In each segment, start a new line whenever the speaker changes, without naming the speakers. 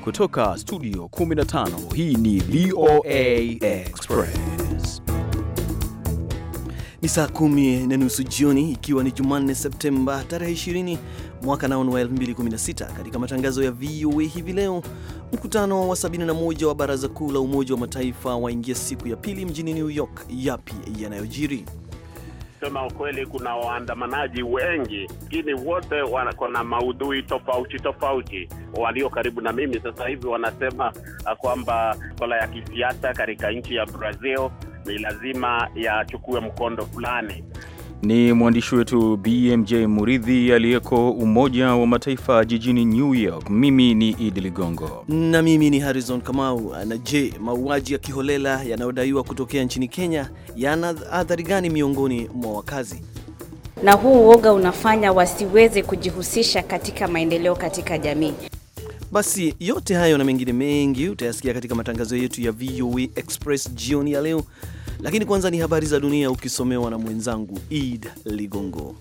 Kutoka studio 15 hii ni VOA Express. Ni saa kumi na nusu jioni ikiwa ni Jumanne Septemba tarehe 20 mwaka nao wa 2016. Katika matangazo ya VOA hivi leo, mkutano wa 71 wa Baraza Kuu la Umoja wa Mataifa waingia siku ya pili mjini New York. Yapi yanayojiri?
kusema ukweli, kuna waandamanaji wengi, lakini wote wako na maudhui tofauti tofauti. Walio karibu na mimi sasa hivi wanasema kwamba kola ya kisiasa katika nchi ya Brazil ni lazima yachukue mkondo fulani
ni mwandishi wetu BMJ Muridhi aliyeko Umoja wa Mataifa jijini New York. Mimi ni Idi Ligongo
na mimi ni Harrison Kamau. Na je, mauaji ya kiholela yanayodaiwa kutokea nchini Kenya yana athari gani miongoni mwa wakazi?
Na huu uoga unafanya wasiweze kujihusisha katika maendeleo katika jamii.
Basi yote hayo na mengine mengi utayasikia katika matangazo yetu ya VOA e Express jioni ya leo lakini kwanza ni habari za dunia ukisomewa na mwenzangu Id Ligongo.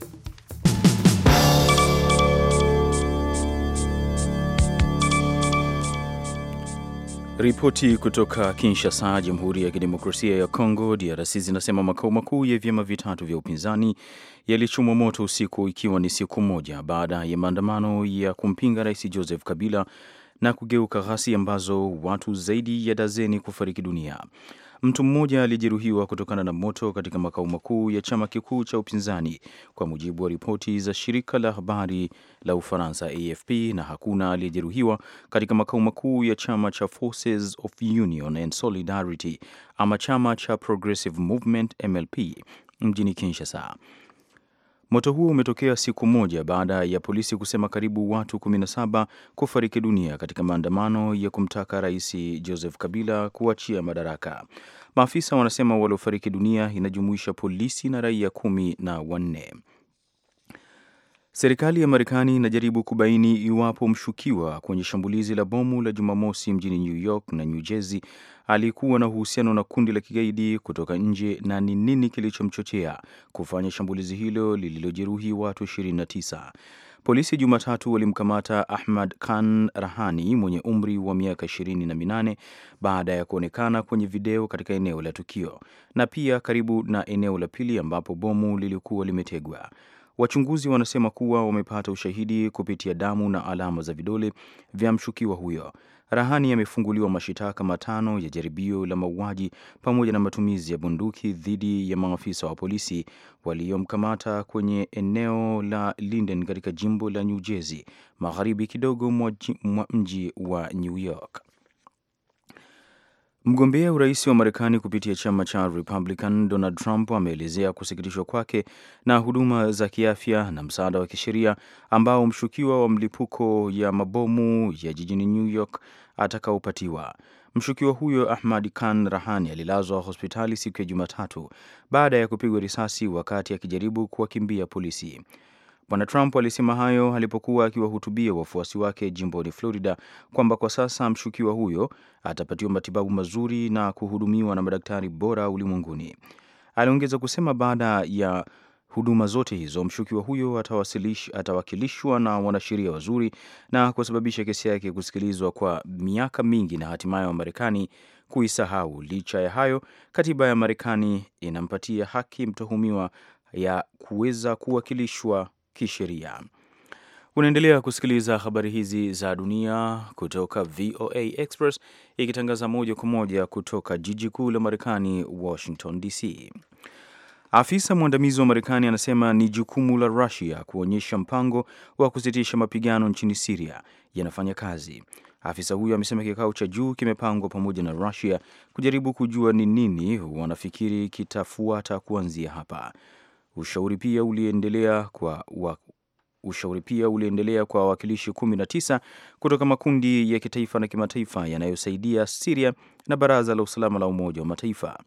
Ripoti kutoka Kinshasa, Jamhuri ya Kidemokrasia ya Kongo DRC zinasema makao makuu ya vyama vitatu vya upinzani yalichomwa moto usiku, ikiwa ni siku moja baada ya maandamano ya kumpinga Rais Joseph Kabila na kugeuka ghasia ambazo watu zaidi ya dazeni kufariki dunia. Mtu mmoja alijeruhiwa kutokana na moto katika makao makuu ya chama kikuu cha upinzani, kwa mujibu wa ripoti za shirika la habari la Ufaransa AFP, na hakuna aliyejeruhiwa katika makao makuu ya chama cha Forces of Union and Solidarity ama chama cha Progressive Movement MLP mjini Kinshasa. Moto huo umetokea siku moja baada ya polisi kusema karibu watu 17 kufariki dunia katika maandamano ya kumtaka Rais Joseph Kabila kuachia madaraka. Maafisa wanasema waliofariki dunia inajumuisha polisi na raia kumi na wanne. Serikali ya Marekani inajaribu kubaini iwapo mshukiwa kwenye shambulizi la bomu la Jumamosi mjini New York na New Jersey alikuwa na uhusiano na kundi la kigaidi kutoka nje na ni nini kilichomchochea kufanya shambulizi hilo lililojeruhi watu 29. Polisi Jumatatu walimkamata Ahmad Khan Rahani mwenye umri wa miaka ishirini na minane baada ya kuonekana kwenye video katika eneo la tukio na pia karibu na eneo la pili ambapo bomu lilikuwa limetegwa. Wachunguzi wanasema kuwa wamepata ushahidi kupitia damu na alama za vidole vya mshukiwa huyo. Rahani amefunguliwa mashitaka matano ya jaribio la mauaji pamoja na matumizi ya bunduki dhidi ya maafisa wa polisi waliomkamata kwenye eneo la Linden katika jimbo la New Jersey, magharibi kidogo mwa mji wa New York. Mgombea urais wa Marekani kupitia chama cha Republican Donald Trump ameelezea kusikitishwa kwake na huduma za kiafya na msaada wa kisheria ambao mshukiwa wa mlipuko ya mabomu ya jijini New York atakaopatiwa. Mshukiwa huyo Ahmad Khan Rahani alilazwa hospitali siku ya Jumatatu baada ya kupigwa risasi wakati akijaribu kuwakimbia polisi. Bwana Trump alisema hayo alipokuwa akiwahutubia wafuasi wake jimboni Florida, kwamba kwa sasa mshukiwa huyo atapatiwa matibabu mazuri na kuhudumiwa na madaktari bora ulimwenguni. Aliongeza kusema baada ya huduma zote hizo mshukiwa huyo atawakilishwa na wanasheria wazuri na kusababisha kesi yake kusikilizwa kwa miaka mingi na hatimaye wa Marekani kuisahau. Licha ya hayo, katiba ya Marekani inampatia haki mtuhumiwa ya kuweza kuwakilishwa kisheria. Unaendelea kusikiliza habari hizi za dunia kutoka VOA Express ikitangaza moja kwa moja kutoka jiji kuu la Marekani, Washington DC. Afisa mwandamizi wa Marekani anasema ni jukumu la Rusia kuonyesha mpango wa kusitisha mapigano nchini Siria yanafanya kazi. Afisa huyo amesema kikao cha juu kimepangwa pamoja na Rusia kujaribu kujua ni nini wanafikiri kitafuata kuanzia hapa. Ushauri pia uliendelea kwa wa, ushauri pia uliendelea kwa wawakilishi 19 kutoka makundi ya kitaifa na kimataifa yanayosaidia Siria na Baraza la Usalama la Umoja wa Mataifa.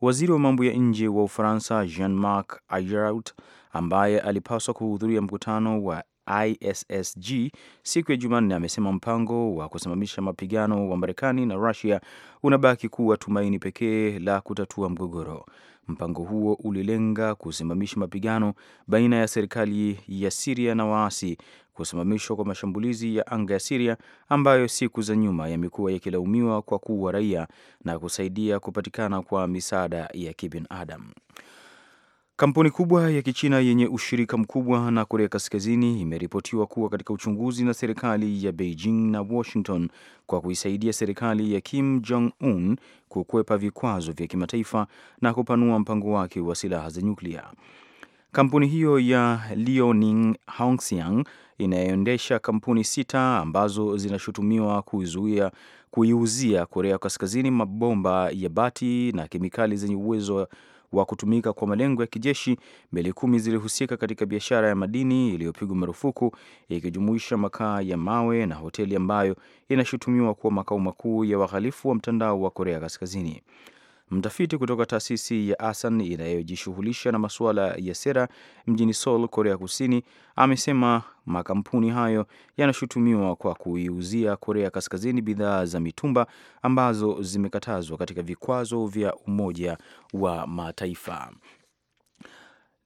Waziri wa mambo ya nje wa Ufaransa Jean-Marc Ayrault ambaye alipaswa kuhudhuria mkutano wa ISSG siku ya Jumanne amesema mpango wa kusimamisha mapigano wa Marekani na Rusia unabaki kuwa tumaini pekee la kutatua mgogoro. Mpango huo ulilenga kusimamisha mapigano baina ya serikali ya Siria na waasi, kusimamishwa kwa mashambulizi ya anga ya Siria ambayo siku za nyuma yamekuwa yakilaumiwa kwa kuua raia na kusaidia kupatikana kwa misaada ya kibinadamu. Kampuni kubwa ya Kichina yenye ushirika mkubwa na Korea Kaskazini imeripotiwa kuwa katika uchunguzi na serikali ya Beijing na Washington kwa kuisaidia serikali ya Kim Jong Un kukwepa vikwazo vya kimataifa na kupanua mpango wake wa silaha za nyuklia. Kampuni hiyo ya Liaoning Hongxiang inayoendesha kampuni sita ambazo zinashutumiwa kuizuia kuiuzia Korea Kaskazini mabomba ya bati na kemikali zenye uwezo wa kutumika kwa malengo ya kijeshi, meli kumi zilihusika katika biashara ya madini iliyopigwa marufuku ikijumuisha makaa ya mawe na hoteli ambayo inashutumiwa kuwa makao makuu ya wahalifu wa mtandao wa Korea Kaskazini. Mtafiti kutoka taasisi ya Asan inayojishughulisha na masuala ya sera mjini Seoul, Korea Kusini, amesema makampuni hayo yanashutumiwa kwa kuiuzia Korea Kaskazini bidhaa za mitumba ambazo zimekatazwa katika vikwazo vya Umoja wa Mataifa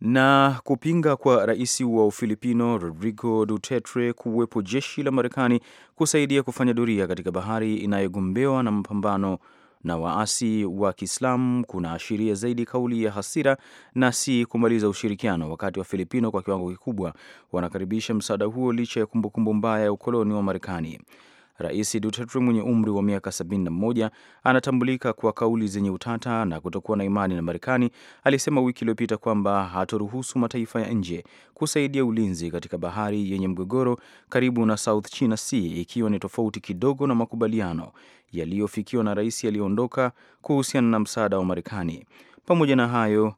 na kupinga kwa rais wa Ufilipino Rodrigo Duterte kuwepo jeshi la Marekani kusaidia kufanya doria katika bahari inayogombewa na mapambano na waasi wa Kiislamu kunaashiria zaidi kauli ya hasira na si kumaliza ushirikiano, wakati wa Filipino kwa kiwango kikubwa wanakaribisha msaada huo licha ya kumbukumbu mbaya ya ukoloni wa Marekani. Rais Duterte mwenye umri wa miaka 71 anatambulika kwa kauli zenye utata na kutokuwa na imani na Marekani. Alisema wiki iliyopita kwamba hatoruhusu mataifa ya nje kusaidia ulinzi katika bahari yenye mgogoro karibu na South China Sea, ikiwa ni tofauti kidogo na makubaliano yaliyofikiwa na rais aliyeondoka kuhusiana na msaada wa Marekani. Pamoja na hayo,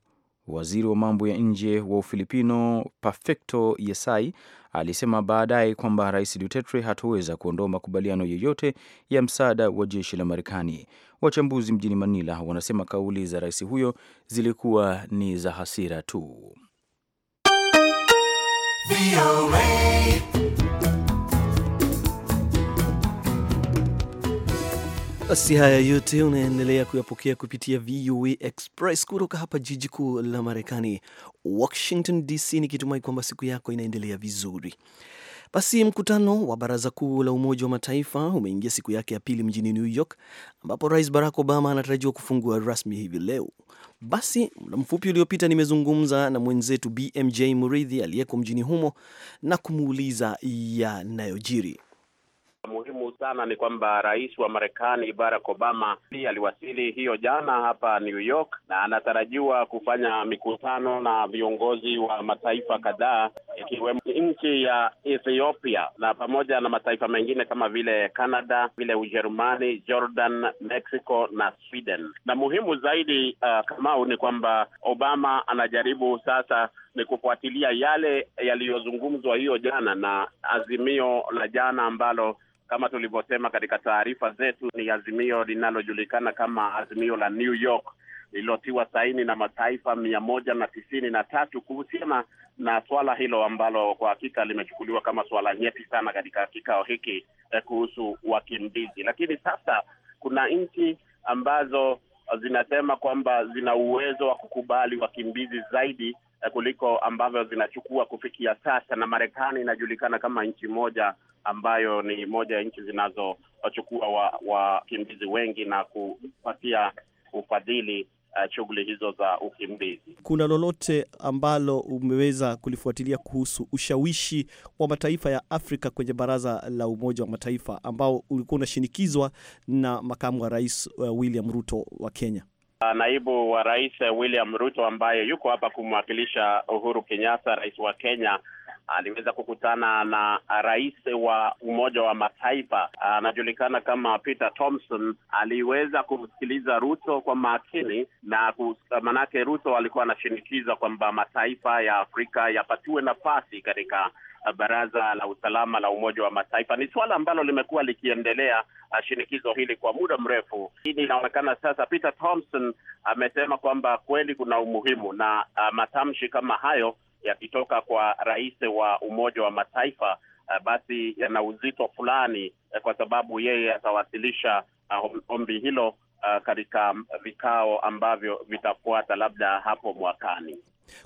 waziri wa mambo ya nje wa Ufilipino Perfecto Yesai Alisema baadaye kwamba Rais Duterte hatoweza kuondoa makubaliano yoyote ya msaada wa jeshi la Marekani. Wachambuzi mjini Manila wanasema kauli za rais huyo zilikuwa ni za hasira tu.
Basi haya yote unaendelea kuyapokea kupitia VOA e Express kutoka hapa jiji kuu la Marekani, Washington DC, nikitumai kwamba siku yako inaendelea vizuri. Basi mkutano wa baraza kuu la Umoja wa Mataifa umeingia siku yake ya pili mjini New York, ambapo Rais Barack Obama anatarajiwa kufungua rasmi hivi leo. Basi muda mfupi uliopita nimezungumza na mwenzetu BMJ Muridhi aliyeko mjini humo na kumuuliza yanayojiri
sana ni kwamba rais wa Marekani Barack Obama aliwasili hiyo jana hapa New York na anatarajiwa kufanya mikutano na viongozi wa mataifa kadhaa ikiwemo nchi ya Ethiopia na pamoja na mataifa mengine kama vile Canada, vile Ujerumani, Jordan, Mexico na Sweden. Na muhimu zaidi uh, Kamau, ni kwamba Obama anajaribu sasa ni kufuatilia yale yaliyozungumzwa hiyo jana na azimio la jana ambalo kama tulivyosema katika taarifa zetu, ni azimio linalojulikana kama azimio la New York lililotiwa saini na mataifa mia moja na tisini na tatu kuhusiana na swala hilo ambalo kwa hakika limechukuliwa kama swala nyeti sana katika kikao hiki eh, kuhusu wakimbizi. Lakini sasa kuna nchi ambazo zinasema kwamba zina uwezo wa kukubali wakimbizi zaidi Eh, kuliko ambavyo zinachukua kufikia sasa, na Marekani inajulikana kama nchi moja ambayo ni moja ya nchi zinazochukua wakimbizi wa wengi na kupatia ufadhili Uh, shughuli hizo za ukimbizi.
Kuna lolote ambalo umeweza kulifuatilia kuhusu ushawishi wa mataifa ya Afrika kwenye Baraza la Umoja wa Mataifa ambao ulikuwa unashinikizwa na makamu wa rais uh, William Ruto wa Kenya?
Ah, naibu wa rais eh, William Ruto ambaye yuko hapa kumwakilisha Uhuru Kenyatta, rais wa Kenya, aliweza kukutana na rais wa Umoja wa Mataifa anajulikana kama Peter Thompson. Aliweza kumsikiliza Ruto kwa makini na kus, manake Ruto alikuwa anashinikiza kwamba mataifa ya Afrika yapatiwe nafasi katika Baraza la Usalama la Umoja wa Mataifa. Ni suala ambalo limekuwa likiendelea uh, shinikizo hili kwa muda mrefu. Hii inaonekana sasa, Peter Thompson amesema kwamba kweli kuna umuhimu na uh, matamshi kama hayo yakitoka kwa rais wa Umoja wa Mataifa uh, basi yana uzito fulani uh, kwa sababu yeye atawasilisha uh, ombi hilo uh, katika mm, vikao ambavyo vitafuata labda hapo mwakani.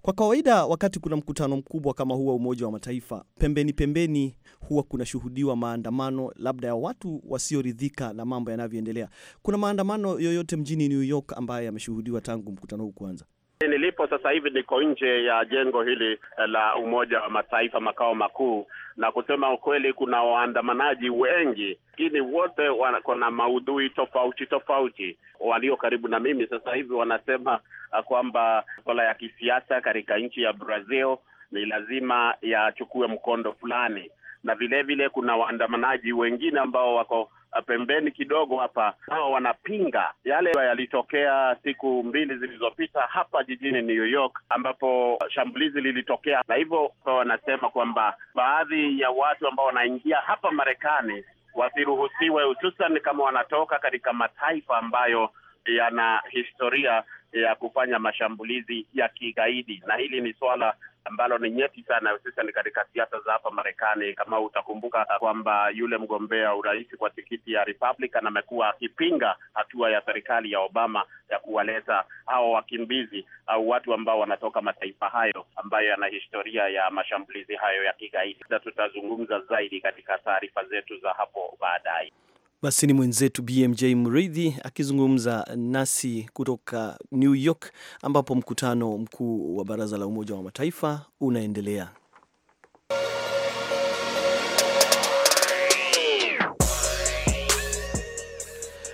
Kwa kawaida wakati kuna mkutano mkubwa kama huu wa Umoja wa Mataifa, pembeni pembeni huwa kunashuhudiwa maandamano labda ya watu wasioridhika na mambo yanavyoendelea. Kuna maandamano yoyote mjini New York ambayo yameshuhudiwa tangu mkutano huu kuanza?
Nilipo sasa hivi niko nje ya jengo hili eh, la Umoja wa Mataifa makao makuu, na kusema ukweli, kuna waandamanaji wengi, lakini wote wako na maudhui tofauti tofauti. Walio karibu na mimi sasa hivi wanasema ah, kwamba swala ya kisiasa katika nchi ya Brazil ni lazima yachukue mkondo fulani, na vilevile vile kuna waandamanaji wengine ambao wako Uh, pembeni kidogo hapa, hawa wanapinga yale yalitokea siku mbili zilizopita hapa jijini New York, ambapo shambulizi lilitokea, na hivyo wanasema kwamba baadhi ya watu ambao wanaingia hapa Marekani wasiruhusiwe, hususan kama wanatoka katika mataifa ambayo yana historia ya kufanya mashambulizi ya kigaidi, na hili ni swala ambalo ni nyeti sana hususani katika siasa za hapa Marekani. Kama utakumbuka kwamba yule mgombea urais kwa tikiti ya Republican amekuwa akipinga hatua ya serikali ya Obama ya kuwaleta hao wakimbizi au watu ambao wanatoka mataifa hayo ambayo yana historia ya mashambulizi hayo ya kigaidi. Tutazungumza zaidi katika taarifa zetu za hapo baadaye.
Basi ni mwenzetu BMJ Mridhi akizungumza nasi kutoka New York ambapo mkutano mkuu wa baraza la Umoja wa Mataifa unaendelea.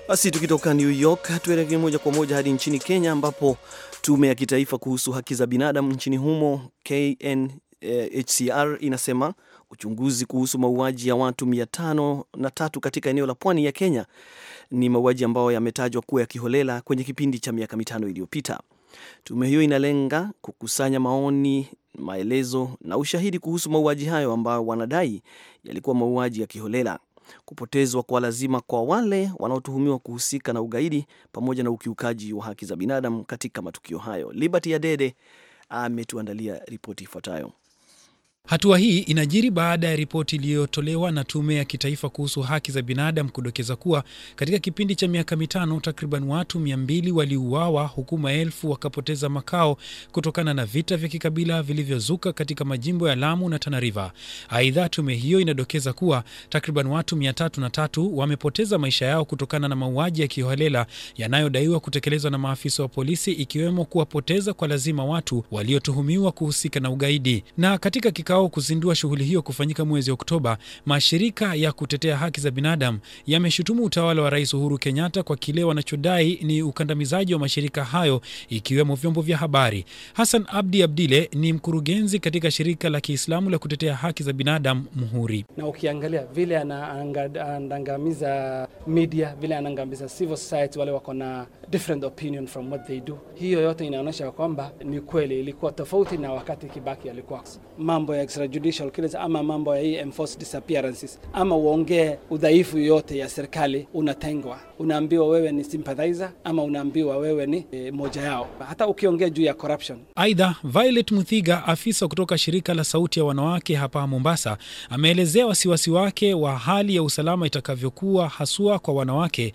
Basi tukitoka New York tuelekee moja kwa moja hadi nchini Kenya ambapo tume ya kitaifa kuhusu haki za binadamu nchini humo KNHCR inasema Uchunguzi kuhusu mauaji ya watu mia tano na tatu katika eneo la pwani ya Kenya ni mauaji ambayo yametajwa kuwa ya kiholela kwenye kipindi cha miaka mitano iliyopita. Tume hiyo inalenga kukusanya maoni, maelezo na ushahidi kuhusu mauaji hayo ambayo wanadai yalikuwa mauaji ya kiholela, kupotezwa kwa lazima kwa wale wanaotuhumiwa kuhusika na ugaidi pamoja na ukiukaji wa haki za binadamu katika matukio hayo. Liberty Adede ametuandalia ripoti ifuatayo.
Hatua hii inajiri baada ya ripoti iliyotolewa na Tume ya Kitaifa kuhusu Haki za Binadamu kudokeza kuwa katika kipindi cha miaka mitano takriban watu mia mbili waliuawa huku maelfu wakapoteza makao kutokana na vita vya kikabila vilivyozuka katika majimbo ya Lamu na Tana River. Aidha, tume hiyo inadokeza kuwa takriban watu mia tatu na tatu wamepoteza maisha yao kutokana na mauaji ya kiholela yanayodaiwa kutekelezwa na maafisa wa polisi, ikiwemo kuwapoteza kwa lazima watu waliotuhumiwa kuhusika na ugaidi na katika kikao kuzindua shughuli hiyo kufanyika mwezi Oktoba, mashirika ya kutetea haki za binadamu yameshutumu utawala wa Rais Uhuru Kenyatta kwa kile wanachodai ni ukandamizaji wa mashirika hayo ikiwemo vyombo vya habari. Hassan Abdi Abdile ni mkurugenzi katika shirika la Kiislamu la kutetea haki za binadamu Muhuri. Na ukiangalia vile anaandangamiza media, vile anaangamiza civil society, wale wako na different opinion from what they do, hiyo yote inaonyesha kwamba ni kweli ilikuwa tofauti na wakati Kibaki alikuwa mambo ya extrajudicial killings ama mambo ya hii enforced disappearances, ama uongee udhaifu yote ya serikali, unatengwa, unaambiwa wewe ni sympathizer ama unaambiwa wewe ni e, moja yao, hata ukiongea juu ya corruption. Aidha, Violet Muthiga, afisa kutoka shirika la Sauti ya Wanawake hapa Mombasa, ameelezea wasiwasi wake wa hali ya usalama itakavyokuwa haswa kwa wanawake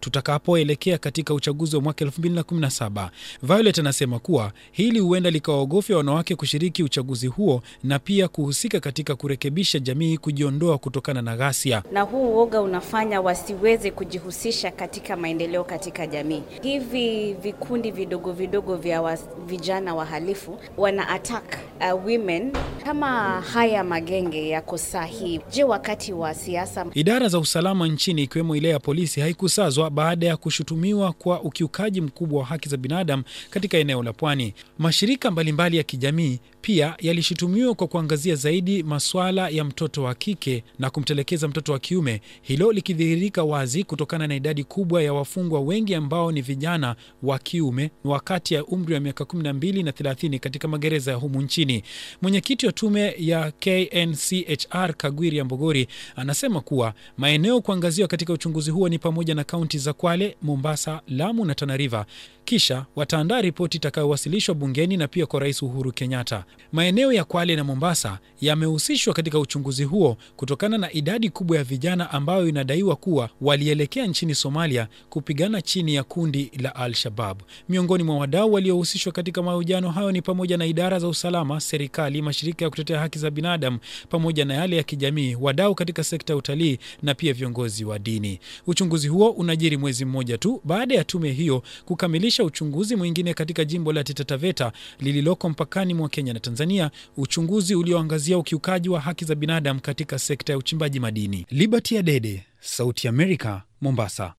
tutakapoelekea katika uchaguzi wa mwaka 2017. Violet anasema kuwa hili huenda likawaogofya wanawake kushiriki uchaguzi huo na pia kuhusika katika kurekebisha jamii kujiondoa kutokana na ghasia,
na huu uoga unafanya wasiweze kujihusisha katika maendeleo katika jamii. Hivi vikundi vidogo vidogo vya vijana wahalifu wana attack uh, women kama haya magenge yako sahihi. Je, wakati wa siasa
idara za usalama nchini ikiwemo ile ya polisi haikusazwa baada ya kushutumiwa kwa ukiukaji mkubwa wa haki za binadamu katika eneo la pwani. Mashirika mbalimbali ya kijamii pia yalishutumiwa kwa kuangazia zaidi masuala ya mtoto wa kike na kumtelekeza mtoto wa kiume, hilo likidhihirika wazi kutokana na idadi kubwa ya wafungwa wengi ambao ni vijana wa kiume wakati ya umri wa miaka 12 na 30 katika magereza ya humu nchini. Mwenyekiti wa tume ya KNCHR Kagwiri ya mbogori anasema kuwa maeneo kuangaziwa katika uchunguzi huo ni pamoja na kaunti za Kwale, Mombasa, Lamu na Tana River. Kisha wataandaa ripoti itakayowasilishwa bungeni na pia kwa Rais Uhuru Kenyatta. Maeneo ya Kwale na Mombasa yamehusishwa katika uchunguzi huo kutokana na idadi kubwa ya vijana ambayo inadaiwa kuwa walielekea nchini Somalia kupigana chini ya kundi la Al-Shabab. Miongoni mwa wadau waliohusishwa katika mahojiano hayo ni pamoja na idara za usalama, serikali, mashirika ya kutetea haki za binadamu pamoja na yale ya kijamii, wadau katika sekta ya utalii na pia viongozi wa dini. Uchunguzi huo unajiri mwezi mmoja tu baada ya tume hiyo kukamilisha kuanzisha uchunguzi mwingine katika jimbo la tetataveta lililoko mpakani mwa Kenya na Tanzania, uchunguzi ulioangazia ukiukaji wa haki za binadamu katika sekta ya uchimbaji madini. Liberty Adede, Sauti ya Amerika, Mombasa.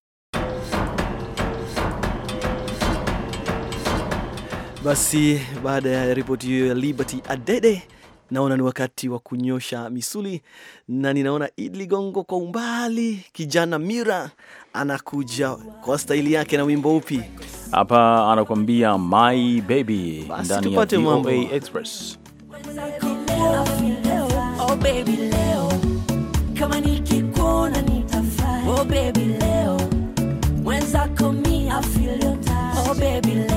Basi baada ya ripoti hiyo ya Liberty Adede, naona ni wakati wa kunyosha misuli, na ninaona Idi Ligongo kwa umbali, kijana Mira anakuja kwa staili yake na wimbo upi?
hapa anakuambia my baby ndani ya VOA Express.
Oh baby leo Oh baby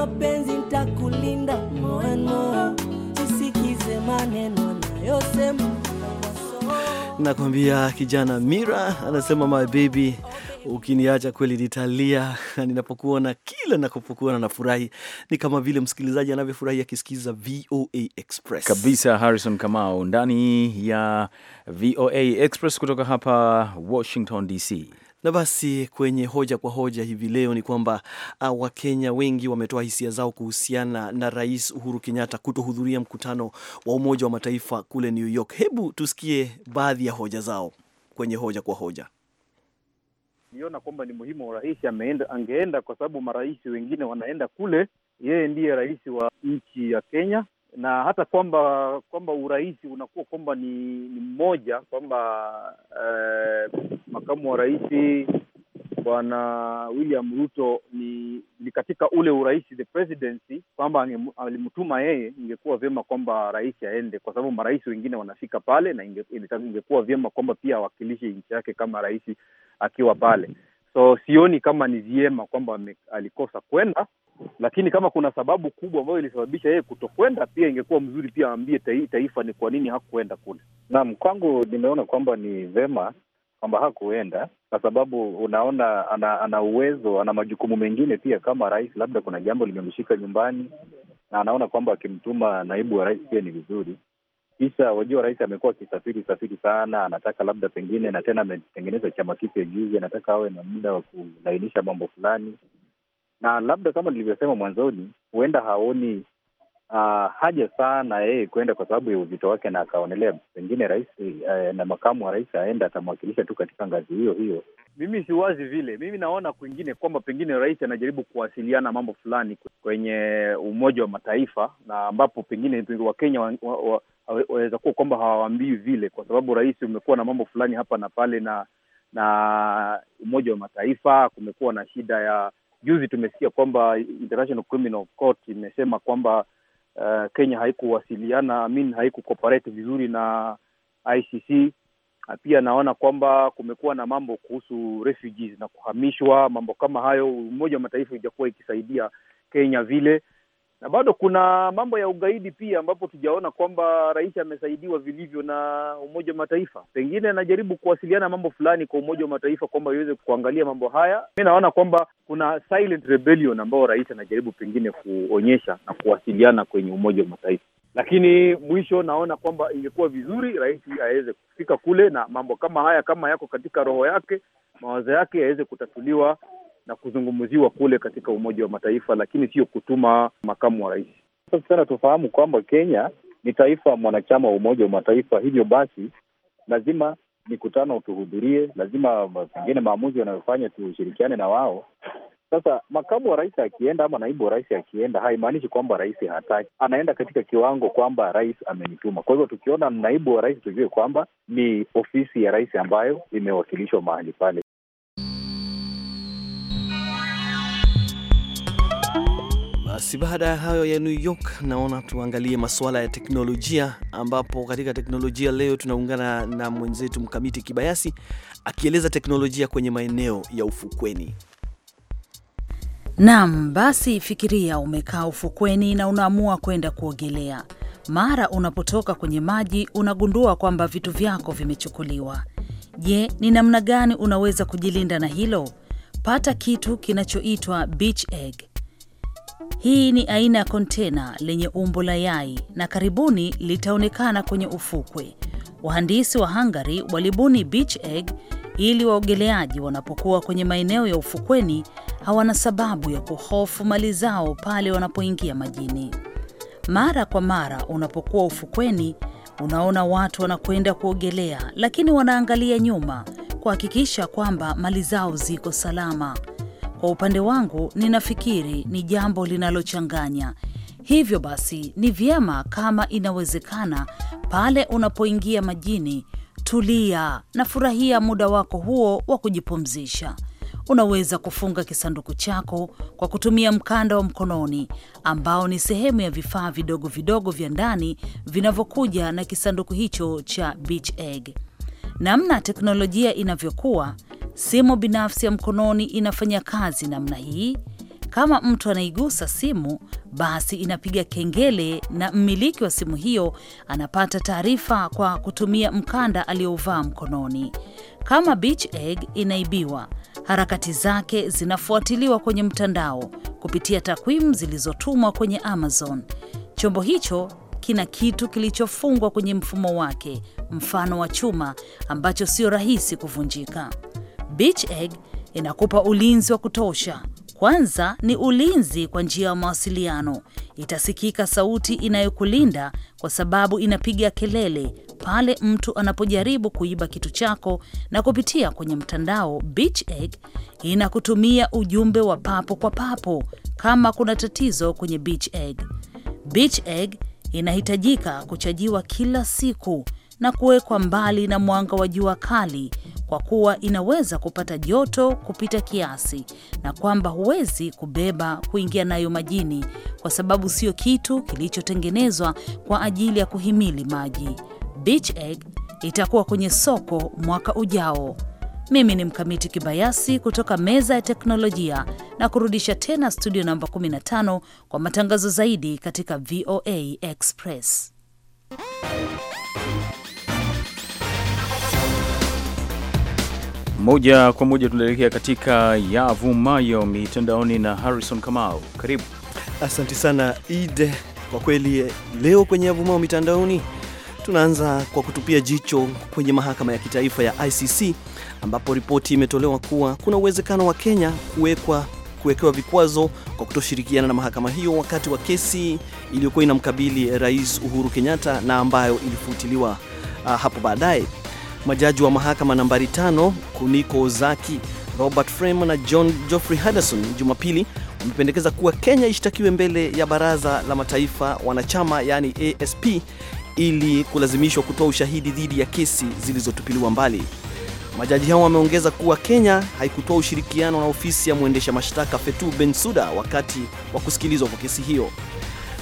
mapenzi nitakulinda mwana, usikize maneno anayosema.
Nakwambia kijana Mira anasema my baby, ukiniacha kweli nitalia. Ninapokuona kila na nafurahi, ni kama vile msikilizaji anavyofurahi akisikiza VOA Express kabisa.
Harrison Kamau ndani ya VOA Express kutoka hapa Washington DC.
Na basi kwenye hoja kwa hoja hivi leo ni kwamba uh, Wakenya wengi wametoa hisia zao kuhusiana na Rais Uhuru Kenyatta kutohudhuria mkutano wa Umoja wa Mataifa kule New York. Hebu tusikie baadhi ya hoja zao kwenye hoja kwa hoja.
Niona kwamba ni muhimu rais ameenda, angeenda kwa sababu marais wengine wanaenda kule, yeye ndiye rais wa nchi ya Kenya na hata kwamba kwamba urais unakuwa kwamba ni, ni mmoja kwamba eh, makamu wa rais Bwana William Ruto ni, ni katika ule urais the presidency kwamba alimtuma yeye, ingekuwa vyema kwamba rais aende, kwa sababu marais wengine wanafika pale, na inge, ingekuwa vyema kwamba pia awakilishe nchi yake kama rais akiwa pale. So sioni kama ni vyema kwamba alikosa kwenda, lakini kama kuna sababu kubwa ambayo ilisababisha yeye kutokwenda, pia ingekuwa mzuri pia aambie taifa ni kwa nini hakuenda kule. Naam, kwangu nimeona kwamba ni vema kwamba hakuenda kwa sababu unaona, ana ana uwezo, ana majukumu mengine pia kama rais, labda kuna jambo limemshika nyumbani na anaona kwamba akimtuma naibu wa rais pia ni vizuri. Kisha wajua, rais amekuwa akisafiri safiri sana, anataka labda pengine, na tena ametengeneza chama kipya juzi, anataka awe na muda wa kulainisha mambo fulani na labda kama nilivyosema mwanzoni, huenda haoni uh, haja sana yeye kwenda kwa sababu ya uzito wake, na akaonelea pengine rais uh, na makamu wa rais aenda atamwakilisha tu katika ngazi hiyo hiyo. Mimi siwazi vile, mimi naona kwingine kwamba pengine rais anajaribu kuwasiliana mambo fulani kwenye Umoja wa Mataifa, na ambapo pengine Wakenya wa, wa, wa, waweza kuwa kwamba hawaambii vile, kwa sababu rais umekuwa na mambo fulani hapa na pale na na Umoja wa Mataifa, kumekuwa na shida ya Juzi tumesikia kwamba International Criminal Court imesema kwamba uh, Kenya haikuwasiliana amin, haikucooperate vizuri na ICC. Pia naona kwamba kumekuwa na mambo kuhusu refugees na kuhamishwa, mambo kama hayo. Umoja wa Mataifa ijakuwa ikisaidia Kenya vile na bado kuna mambo ya ugaidi pia, ambapo tujaona kwamba rais amesaidiwa vilivyo na Umoja wa Mataifa. Pengine anajaribu kuwasiliana mambo fulani kwa Umoja wa Mataifa kwamba iweze kuangalia mambo haya. Mi naona kwamba kuna silent rebellion ambao rais anajaribu pengine kuonyesha na kuwasiliana kwenye Umoja wa Mataifa, lakini mwisho naona kwamba ingekuwa vizuri rais aweze kufika kule na mambo kama haya, kama yako katika roho yake, mawazo yake yaweze kutatuliwa na kuzungumziwa kule katika Umoja wa Mataifa, lakini sio kutuma makamu wa rais. Sasa sana tufahamu kwamba Kenya ni taifa mwanachama wa Umoja wa Mataifa, hivyo basi lazima mikutano tuhudhurie, lazima pengine maamuzi wanayofanya tushirikiane na wao. Sasa makamu wa rais akienda ama naibu wa rais akienda, haimaanishi kwamba rais hataki, anaenda katika kiwango kwamba rais amenituma. Kwa hivyo tukiona naibu wa rais tujue kwamba ni ofisi ya rais ambayo imewakilishwa mahali pale.
Basi baada ya hayo ya New York, naona tuangalie masuala ya teknolojia, ambapo katika teknolojia leo tunaungana na mwenzetu Mkamiti Kibayasi akieleza teknolojia kwenye maeneo ya ufukweni.
Naam, basi fikiria umekaa ufukweni na unaamua kwenda kuogelea. Mara unapotoka kwenye maji unagundua kwamba vitu vyako vimechukuliwa. Je, ni namna gani unaweza kujilinda na hilo? Pata kitu kinachoitwa beach egg. Hii ni aina ya kontena lenye umbo la yai na karibuni litaonekana kwenye ufukwe. Wahandisi wa Hungary walibuni beach egg ili waogeleaji wanapokuwa kwenye maeneo ya ufukweni hawana sababu ya kuhofu mali zao pale wanapoingia majini. Mara kwa mara unapokuwa ufukweni, unaona watu wanakwenda kuogelea, lakini wanaangalia nyuma kuhakikisha kwamba mali zao ziko salama. Kwa upande wangu, ninafikiri ni jambo linalochanganya. Hivyo basi, ni vyema kama inawezekana, pale unapoingia majini, tulia na furahia muda wako huo wa kujipumzisha. Unaweza kufunga kisanduku chako kwa kutumia mkanda wa mkononi ambao ni sehemu ya vifaa vidogo vidogo vya ndani vinavyokuja na kisanduku hicho cha beach egg. Namna teknolojia inavyokuwa Simu binafsi ya mkononi inafanya kazi namna hii. Kama mtu anaigusa simu, basi inapiga kengele na mmiliki wa simu hiyo anapata taarifa kwa kutumia mkanda aliyovaa mkononi. Kama beach egg inaibiwa, harakati zake zinafuatiliwa kwenye mtandao kupitia takwimu zilizotumwa kwenye Amazon. Chombo hicho kina kitu kilichofungwa kwenye mfumo wake, mfano wa chuma, ambacho sio rahisi kuvunjika. Beach Egg inakupa ulinzi wa kutosha. Kwanza ni ulinzi kwa njia ya mawasiliano, itasikika sauti inayokulinda kwa sababu inapiga kelele pale mtu anapojaribu kuiba kitu chako. Na kupitia kwenye mtandao, Beach Egg inakutumia ujumbe wa papo kwa papo kama kuna tatizo kwenye Beach Egg. Beach Egg inahitajika kuchajiwa kila siku na kuwekwa mbali na mwanga wa jua kali kwa kuwa inaweza kupata joto kupita kiasi na kwamba huwezi kubeba kuingia nayo majini kwa sababu sio kitu kilichotengenezwa kwa ajili ya kuhimili maji. Beach Egg itakuwa kwenye soko mwaka ujao. Mimi ni Mkamiti Kibayasi kutoka meza ya teknolojia na kurudisha tena studio namba 15 kwa matangazo zaidi katika VOA Express.
Moja kwa moja tunaelekea katika yavumayo
mitandaoni na Harrison Kamau, karibu. Asante sana Id. Kwa kweli leo kwenye yavumao mitandaoni tunaanza kwa kutupia jicho kwenye mahakama ya kitaifa ya ICC ambapo ripoti imetolewa kuwa kuna uwezekano wa Kenya kuwekwa kuwekewa vikwazo kwa kutoshirikiana na mahakama hiyo wakati wa kesi iliyokuwa inamkabili Rais Uhuru Kenyatta na ambayo ilifutiliwa ah, hapo baadaye. Majaji wa mahakama nambari tano Kuniko Ozaki, Robert Frame na John Geoffrey Henderson Jumapili wamependekeza kuwa Kenya ishtakiwe mbele ya baraza la mataifa wanachama yaani ASP ili kulazimishwa kutoa ushahidi dhidi ya kesi zilizotupiliwa mbali. Majaji hao wameongeza kuwa Kenya haikutoa ushirikiano na ofisi ya mwendesha mashtaka ben suda wakati wa kusikilizwa kwa kesi hiyo.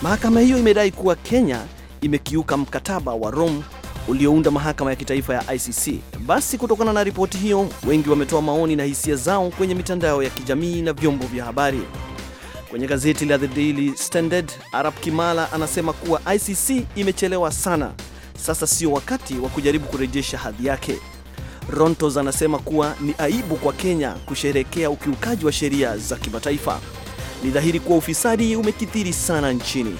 Mahakama hiyo imedai kuwa Kenya imekiuka mkataba wa Rome uliounda mahakama ya kitaifa ya ICC. Basi kutokana na ripoti hiyo, wengi wametoa maoni na hisia zao kwenye mitandao ya kijamii na vyombo vya habari. Kwenye gazeti la The Daily Standard, Arab Kimala anasema kuwa ICC imechelewa sana, sasa sio wakati wa kujaribu kurejesha hadhi yake. Rontos anasema kuwa ni aibu kwa Kenya kusherekea ukiukaji wa sheria za kimataifa. Ni dhahiri kuwa ufisadi umekithiri sana nchini.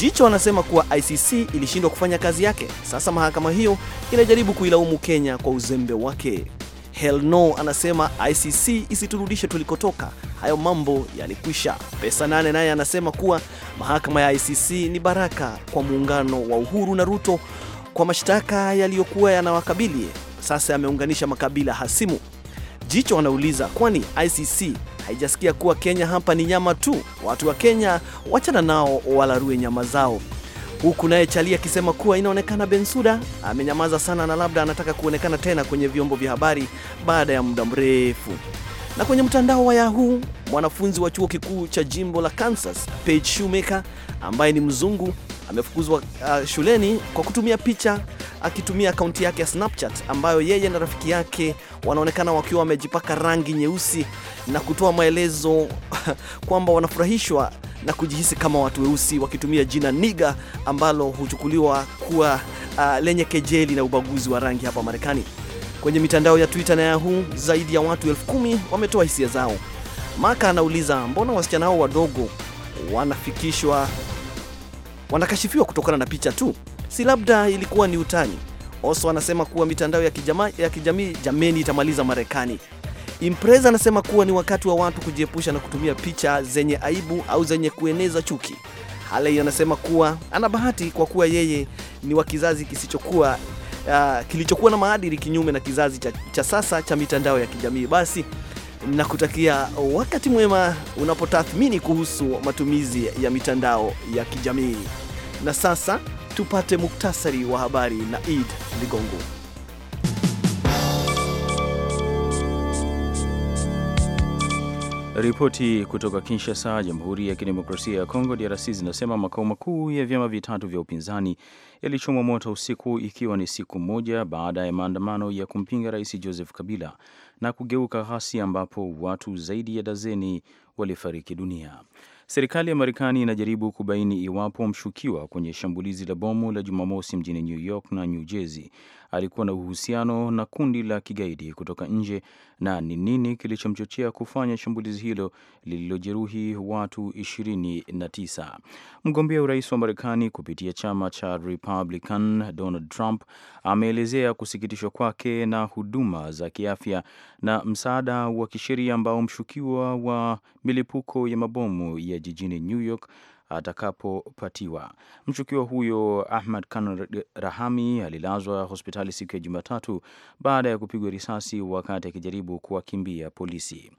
Jicho anasema kuwa ICC ilishindwa kufanya kazi yake. Sasa mahakama hiyo inajaribu kuilaumu Kenya kwa uzembe wake. Hell no anasema ICC isiturudishe tulikotoka, hayo mambo yalikwisha. Pesa Nane naye anasema kuwa mahakama ya ICC ni baraka kwa muungano wa Uhuru na Ruto kwa mashtaka yaliyokuwa yanawakabili, sasa yameunganisha makabila hasimu. Jicho anauliza kwani ICC haijasikia kuwa Kenya hapa ni nyama tu, watu wa Kenya wachana nao walarue nyama zao huku naye Chalia akisema kuwa inaonekana Bensuda amenyamaza sana na labda anataka kuonekana tena kwenye vyombo vya habari baada ya muda mrefu. Na kwenye mtandao wa Yahoo, mwanafunzi wa chuo kikuu cha jimbo la Kansas, Paige Shoemaker ambaye ni mzungu amefukuzwa uh, shuleni kwa kutumia picha akitumia akaunti yake ya Snapchat ambayo yeye na rafiki yake wanaonekana wakiwa wamejipaka rangi nyeusi na kutoa maelezo kwamba wanafurahishwa na kujihisi kama watu weusi wakitumia jina niga ambalo huchukuliwa kuwa uh, lenye kejeli na ubaguzi wa rangi hapa Marekani. Kwenye mitandao ya Twitter na Yahoo zaidi ya watu elfu kumi wametoa hisia zao. Maka anauliza mbona wasichana hao wadogo wanafikishwa wanakashifiwa kutokana na picha tu? si labda ilikuwa ni utani. Oso anasema kuwa mitandao ya kijamii ya kijamii jameni itamaliza Marekani. Impreza anasema kuwa ni wakati wa watu kujiepusha na kutumia picha zenye aibu au zenye kueneza chuki. Halei anasema kuwa ana bahati kwa kuwa yeye ni wa kizazi kisichokuwa uh, kilichokuwa na maadili kinyume na kizazi cha, cha sasa cha mitandao ya kijamii. Basi na kutakia wakati mwema unapotathmini kuhusu matumizi ya mitandao ya kijamii. Na sasa tupate muktasari wa habari na Eid Ligongo.
Ripoti kutoka Kinshasa, Jamhuri ya Kidemokrasia ya Kongo, DRC, zinasema makao makuu ya vyama vitatu vya upinzani yalichomwa moto usiku, ikiwa ni siku moja baada ya maandamano ya kumpinga Rais Joseph Kabila na kugeuka ghasia, ambapo watu zaidi ya dazeni walifariki dunia. Serikali ya Marekani inajaribu kubaini iwapo mshukiwa kwenye shambulizi la bomu la Jumamosi mjini New York na New Jersey alikuwa na uhusiano na kundi la kigaidi kutoka nje na ni nini kilichomchochea kufanya shambulizi hilo lililojeruhi watu 29. Mgombea urais wa Marekani kupitia chama cha Republican Donald Trump ameelezea kusikitishwa kwake na huduma za kiafya na msaada wa kisheria ambao mshukiwa wa milipuko ya mabomu ya jijini New York atakapopatiwa. Mshukiwa huyo Ahmad Khan Rahami alilazwa hospitali siku ya Jumatatu baada ya kupigwa risasi wakati akijaribu kuwakimbia polisi.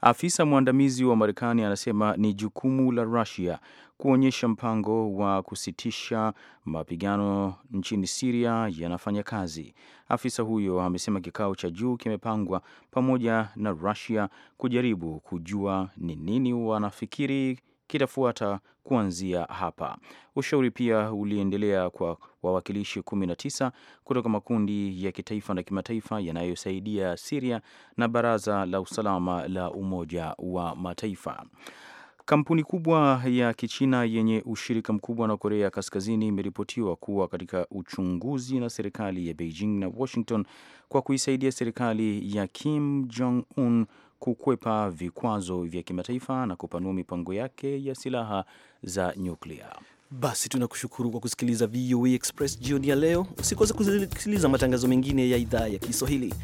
Afisa mwandamizi wa Marekani anasema ni jukumu la Rusia kuonyesha mpango wa kusitisha mapigano nchini Siria yanafanya kazi. Afisa huyo amesema kikao cha juu kimepangwa pamoja na Rusia kujaribu kujua ni nini wanafikiri kitafuata kuanzia hapa. Ushauri pia uliendelea kwa wawakilishi 19 kutoka makundi ya kitaifa na kimataifa yanayosaidia Siria na Baraza la Usalama la Umoja wa Mataifa. Kampuni kubwa ya Kichina yenye ushirika mkubwa na Korea Kaskazini imeripotiwa kuwa katika uchunguzi na serikali ya Beijing na Washington kwa kuisaidia serikali ya Kim Jong Un kukwepa vikwazo vya kimataifa na kupanua mipango yake ya silaha za nyuklia. Basi
tunakushukuru kwa kusikiliza VOA e Express jioni ya leo. Usikose kusikiliza matangazo mengine ya idhaa ya Kiswahili.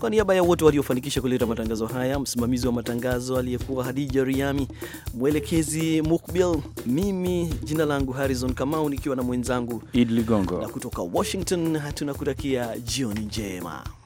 Kwa niaba ya wote waliofanikisha kuleta matangazo haya, msimamizi wa matangazo aliyekuwa Hadija Riami, mwelekezi Mukbil, mimi jina langu Harrison Kamau nikiwa na mwenzangu Id Ligongo, na kutoka Washington tunakutakia jioni njema.